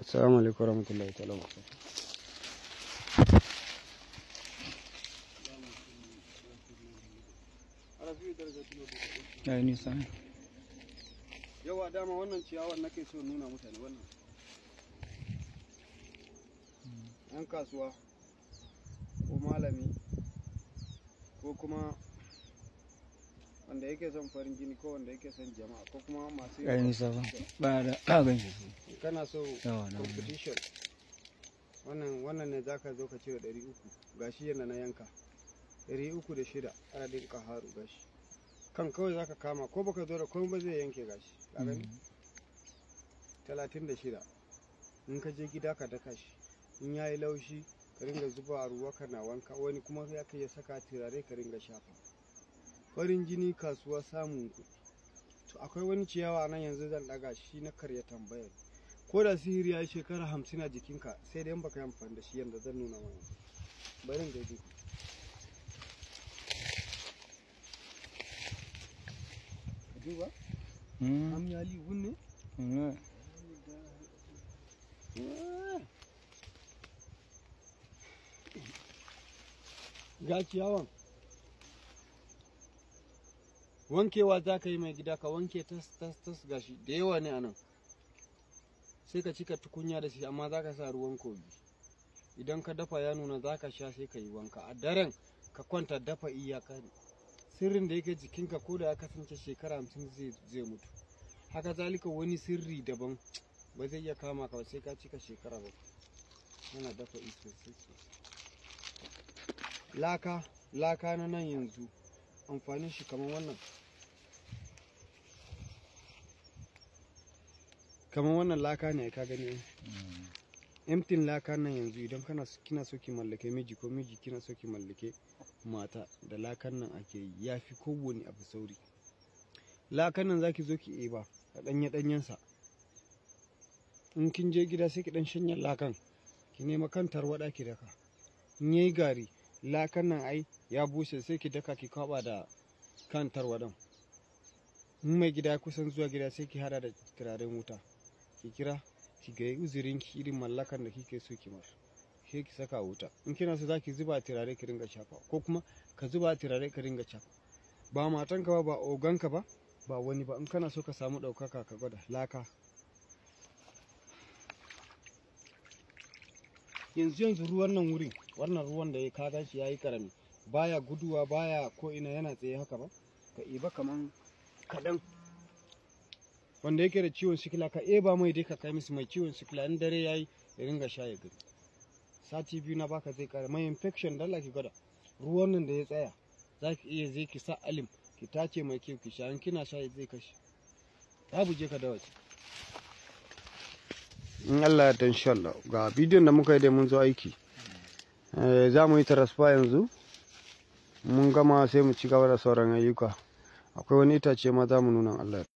assalamu alaikum warahmatullahi ta'ala dama wannan ciyawar nake so nuna mutane wannan yan hmm. kasuwa ko malami ko kuma wanda yake son farin jini ko wanda yake son jama'a ko kuma masu yi safa ba da kagan shi kana so competition wannan wannan ne zaka zo ka cire ɗari uku gashi yana na yanka ɗari uku da shida adadin ƙaharu gashi kan kawai zaka kama ko baka zo da komai ba zai yanke gashi mm. talatin da shida in ka je gida ka daka shi in ya yi laushi ka ringa zuba a ruwa kana wanka wani kuma ya kai ya saka turare ka ringa shafa farin jini kasuwa samun kuɗi to akwai wani ciyawa nan yanzu zan daga shi na karya tambayar ko da sihiri ya yi shekara hamsin a jikinka sai dai baka yi amfani da shi yanda zan nuna mana barin gaji duba hmm. am wankewa za ka yi mai gida ka wanke tas tas tas gashi da yawa ne a nan sai ka cika tukunya da shi amma za ka sa ruwan kogi idan ka dafa ya nuna za ka sha sai ka yi wanka a daren ka kwanta dafa iyaka sirrin da yake jikinka ko da ya kasance shekara hamsin zai mutu haka zalika wani sirri daban ba zai iya kama ka sai ka cika shekara ba yana dafa iso laka laka na nan yanzu amfanin shi kamar wannan kamar wannan laka ne ka gani mm. emtin laka nan yanzu idan kana kina so ki mallake miji ko miji kina so ki mallake mata da lakan nan ake yi ya fi kowane abu sauri lakan nan zaki zo ki eba a ɗanye ɗanyen sa. in kin je gida sai ki ɗan shanya lakan ki nema kan tarwaɗa ki daka in yayi gari lakan nan ai ya bushe sai ki daka ki kwaba da kan tarwaɗin mun mai gida kusan zuwa gida sai ki hada da turaren wuta ki kira ki ga uzurin ki irin mallakan da kike so ki mar sai ki saka wuta in kina so zaki zuba turare ki ringa shafa ko kuma ka zuba turare ka ringa shafa ba matanka ba ba oganka ba ba wani ba in kana so ka samu ɗaukaka ka gwada laka yanzu yanzu ruwan nan wurin wannan ruwan da ya kaga shi yayi karami baya guduwa baya ko ina yana tsaye haka ba ka iba kaman kadan wanda yake da ciwon sikila ka eba mai dai ka kai musu mai ciwon sikila in dare yayi ya ringa sha ya gani sati biyu na baka zai kare mai infection Allah ki gwada ruwan nan da ya tsaya za ki iya zai ki sa alim ki tace mai kyau ki sha in kina sha zai kashe babu je ka dawace in Allah ya ta insha ga bidiyon da muka yi da mun zo aiki eh, za mu yi tarasfa yanzu mun gama sai mu ci gaba da sauran ayyuka akwai wani itace ma za mu nuna Allah